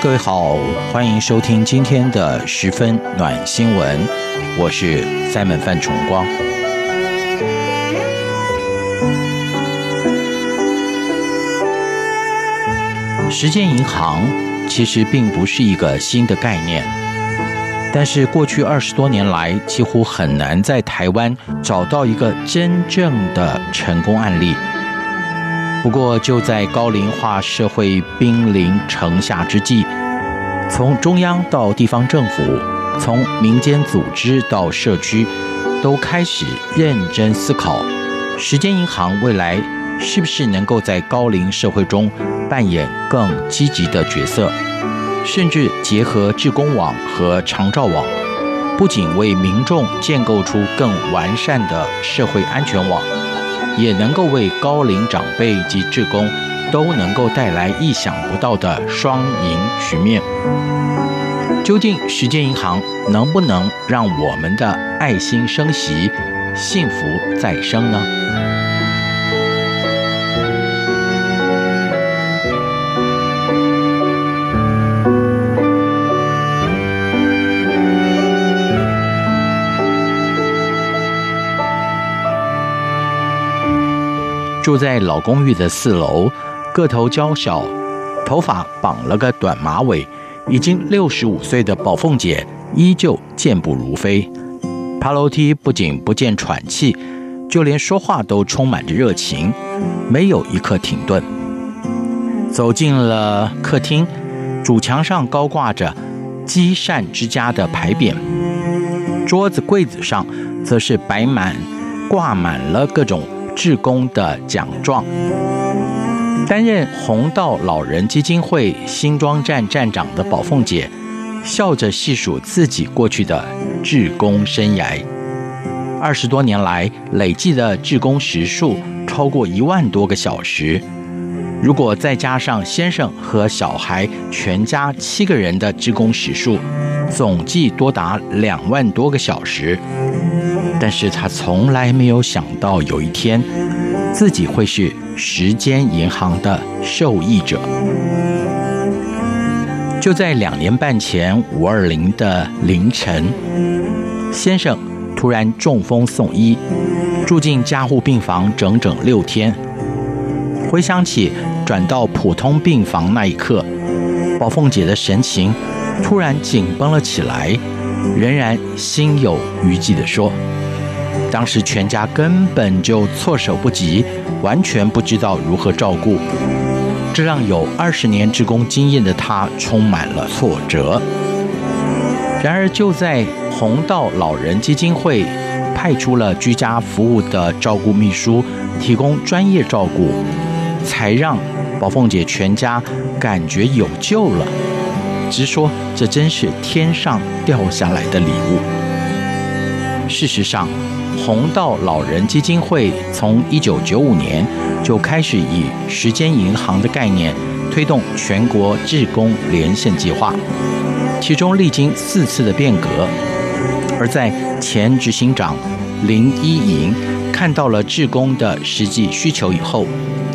各位好，歡迎收聽今天的十分暖新聞，我是賽門范崇光。時間銀行其實並不是一個新的概念，但是過去二十多年來，幾乎很難在台灣找到一個真正的成功案例。不過，就在高齡化社會兵臨城下之際，從中央到地方政府，從民間組織到社區，都開始認真思考：時間銀行未來是不是能夠在高齡社會中扮演更積極的角色？甚至結合志工網和長照網，不僅為民眾建構出更完善的社會安全網。也能夠為高齡長輩及志工，都能夠帶來意想不到的雙贏局面。究竟時間銀行能不能讓我們的愛心生息，幸福再生呢？住在老公寓的四樓，個頭嬌小，頭髮綁了個短馬尾，已經六十五歲的寶鳳姐依舊健步如飛，爬樓梯不僅不見喘氣，就連說話都充滿着熱情，沒有一刻停頓。走進了客廳，主牆上高掛着“積善之家”的牌匾，桌子、櫃子上則是擺滿、掛滿了各種。志工的獎狀。擔任紅道老人基金會新莊站站長的寶鳳姐，笑着細數自己過去的志工生涯。二十多年來，累計的志工時數超過一萬多個小時，如果再加上先生和小孩全家七個人的志工時數，總計多達兩萬多個小時。但是她從來沒有想到有一天，自己會是時間銀行的受益者。就在兩年半前五二零的凌晨，先生突然中風送醫，住進加護病房整整六天。回想起轉到普通病房那一刻，寶鳳姐的神情突然緊繃了起來，仍然心有餘悸的說。當時全家根本就措手不及，完全不知道如何照顧，這讓有二十年志工經驗的他充滿了挫折。然而，就在弘道老人基金會派出了居家服務的照顧秘書，提供專業照顧，才讓寶鳳姐全家感覺有救了。直說，這真是天上掉下來的禮物。事實上。紅道老人基金會從一九九五年就開始以時間銀行的概念推動全國志工連線計劃，其中歷經四次的變革，而在前執行長林依瑩看到了志工的實際需求以後，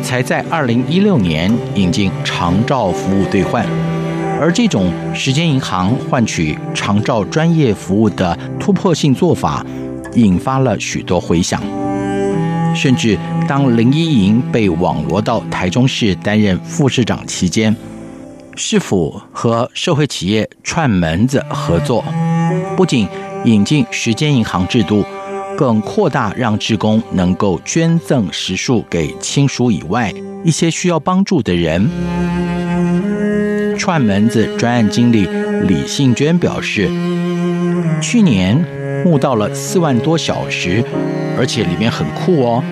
才在二零一六年引進長照服務兌換，而這種時間銀行換取長照專業服務的突破性做法。引發了許多回響，甚至當林依瑩被網羅到台中市擔任副市長期間，市府和社會企業串門子合作，不僅引進時間銀行制度，更擴大讓志工能夠捐贈時數給親屬以外一些需要幫助的人。串門子專案經理李信娟表示，去年。募到了四萬多小時，而且裡面很酷哦，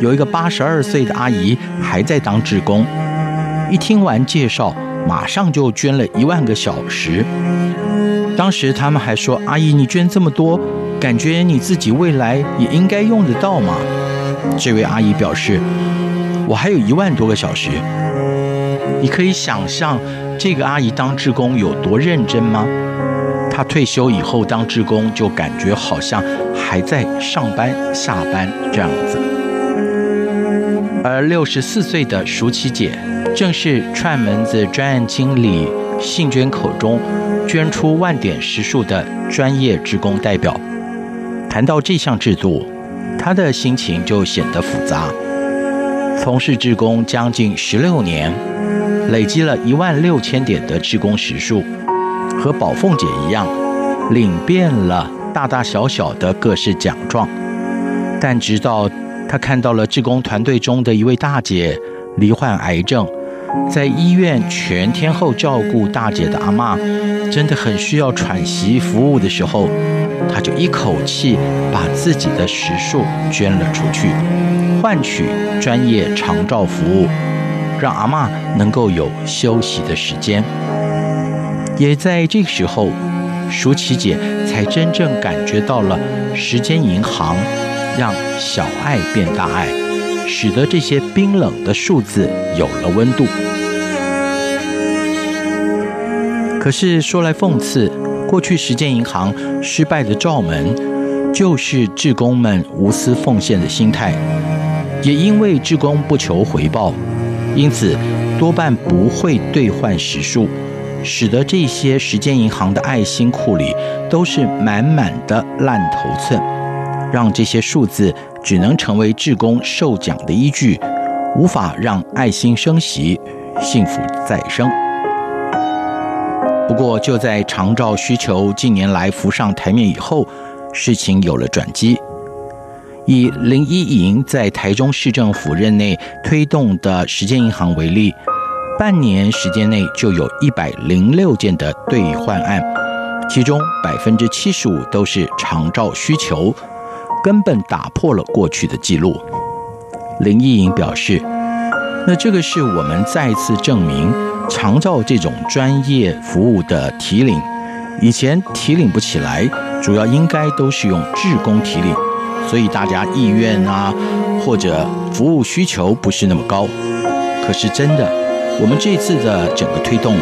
有一個八十二歲的阿姨還在當志工，一聽完介紹，馬上就捐了一萬個小時。當時他們還說：“阿姨，你捐這麼多，感覺你自己未來也應該用得到嘛？”這位阿姨表示：“我還有一萬多個小時。”你可以想象這個阿姨當志工有多認真嗎？他退休以後當志工，就感覺好像還在上班、下班這樣子。而六十四歲的舒奇姐，正是串門子專案經理信娟口中捐出萬點時數的專業志工代表。談到這項制度，他的心情就顯得複雜。從事志工將近十六年，累積了一萬六千點的志工時數。和寶鳳姐一樣，領遍了大大小小的各式獎狀，但直到她看到了志工團隊中的一位大姐罹患癌症，在醫院全天候照顧大姐的阿嬤，真的很需要喘息服務的時候，她就一口氣把自己的時數捐了出去，換取專業長照服務，讓阿嬤能夠有休息的時間。也在這個時候，舒淇姐才真正感覺到了時間銀行讓小愛變大愛，使得這些冰冷的數字有了溫度。可是說來諷刺，過去時間銀行失敗的罩門，就是志工們無私奉獻的心態，也因為志工不求回報，因此多半不會兌換時數。使得這些時間銀行的愛心庫裡都是滿滿的爛頭寸，讓這些數字只能成為志工受獎的依據，無法讓愛心生息、幸福再生。不過，就在長照需求近年來浮上台面以後，事情有了轉機。以林依瑩在台中市政府任內推動的時間銀行為例。半年時間內就有一百零六件的兌換案，其中百分之七十五都是長照需求，根本打破了過去的記錄。林一穎表示：“那這個是我們再次證明長照這種專業服務的提領，以前提領不起來，主要應該都是用志工提領，所以大家意願啊或者服務需求不是那麼高，可是真的。”我們這次的整個推動，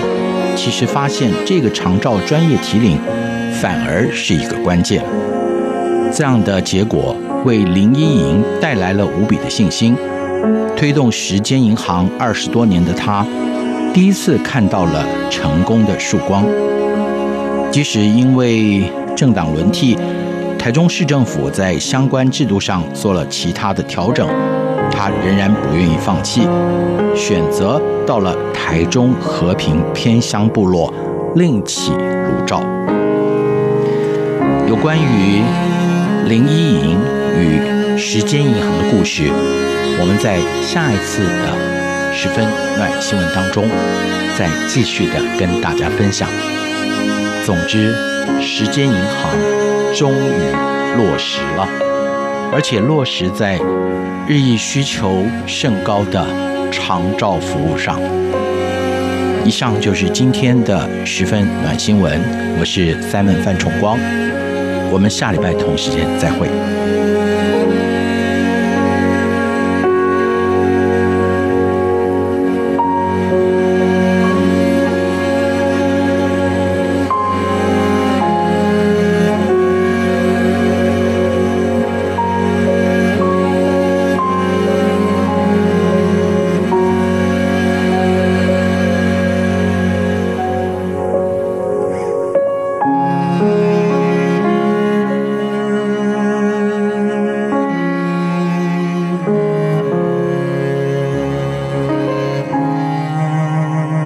其實發現這個長照專業提領反而是一個關鍵，這樣的結果為林依瑩帶來了無比的信心，推動時間銀行二十多年的她，第一次看到了成功的曙光。即使因為政黨輪替，台中市政府在相關制度上做了其他的調整，她仍然不願意放棄，選擇。到了台中和平偏鄉部落，另起爐灶。有關於林依瑩與時間銀行的故事，我們在下一次的十分暖新聞當中再繼續的跟大家分享。總之，時間銀行終於落實了，而且落實在日益需求甚高的。長照服務上。以上就是今天的十分暖新聞。我是 Simon 范崇光，我們下禮拜同時間再會。